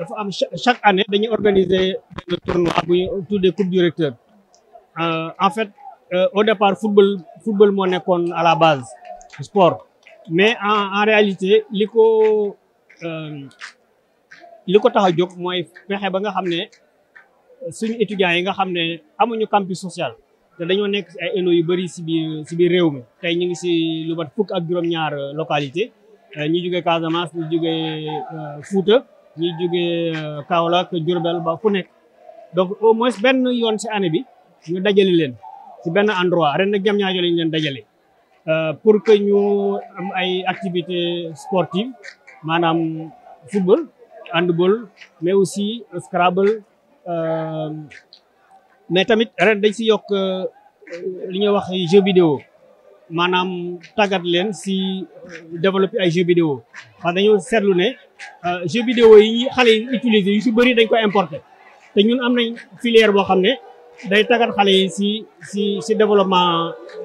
dafa am chaque année dañuy organiser benn tournoi bu ñu tuddee coupe directeur euh, en fait euh, au départ football football moo nekkoon à la base sport mais en en réalité li ko euh, li ko tax a jóg mooy fexe ba nga xam ne suñu étudiants yi nga xam ne amuñu campus social te dañoo nekk si ay ENO yu bëri si biir réew mi tey ñu ngi si lu mat fukk ak juróom-ñaar localité ñu jógee Casamance ñu jógee Fouta ñi jógee euh, Kaolack Diourbel ba fu nekk donc au moins benn yoon si année bi ñu dajale leen benn endroit ren nag Diamniadio lañ leen dajale euh, pour que ñu am ay activités sportives maanaam football handball mais aussi scrabble euh, mais tamit ren dañ si yokk li ñuy wax jeu vidéo maanaam tàggat leen si développer ay jeu vidéo parce que seetlu ne Euh, jeux vidéo yi xale yi utiliser yi si bëri dañ ko importer te ñun am nañ filière boo xam ne day tagat xale yi si si si développement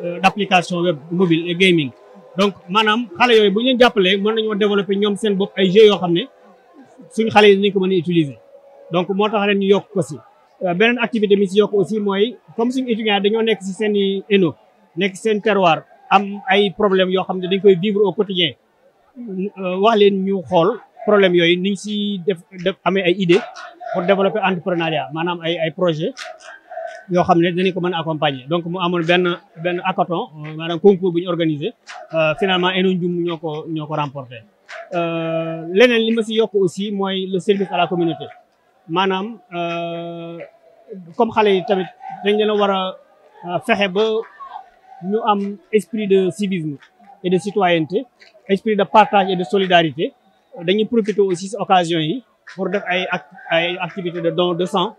euh, d' application web mobile gaming donc maanaam xale yooyu bu ñu leen jàppalee mën nañoo développer ñoom seen bopp ay jeux yoo xam ne suñu xale yi dinañ ko mën a utiliser donc moo tax ren ñu yokk ko si euh, beneen activité mi si yokk aussi mooy comme suñu étudiants dañoo nekk si seen i ENO nekk seen terroir am ay problème yoo xam ne dañ koy vivre au quotidien wax leen ñu xool problème yooyu niñ si def def amee ay idée pour développer entrepreneuriat maanaam ay ay projet yoo xam ne dinañ ko mën a accompagner donc mu amoon benn benn hackathon maanaam concours bu ñu organisé euh, finalement Eno Ndioum ñoo ko ñoo ko remporté euh, leneen li ma si yokk aussi mooy le service à la communauté maanaam euh, comme xale yi tamit dañ leen a war a fexe ba ñu am esprit de civisme et de citoyenneté esprit de partage et de solidarité dañuy profiter aussi occasion pour des activités de don de sang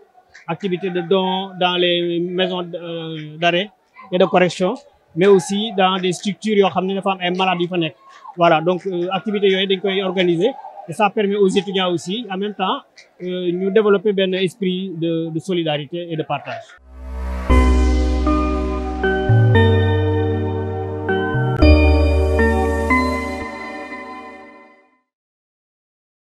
activités de don dans les maisons euh, d'arrêt et de correction mais aussi dans des structures qui ont été dafa malades voilà donc euh, activités qui ont organiser et ça permet aux étudiants aussi en même temps euh, de développer un esprit de solidarité et de partage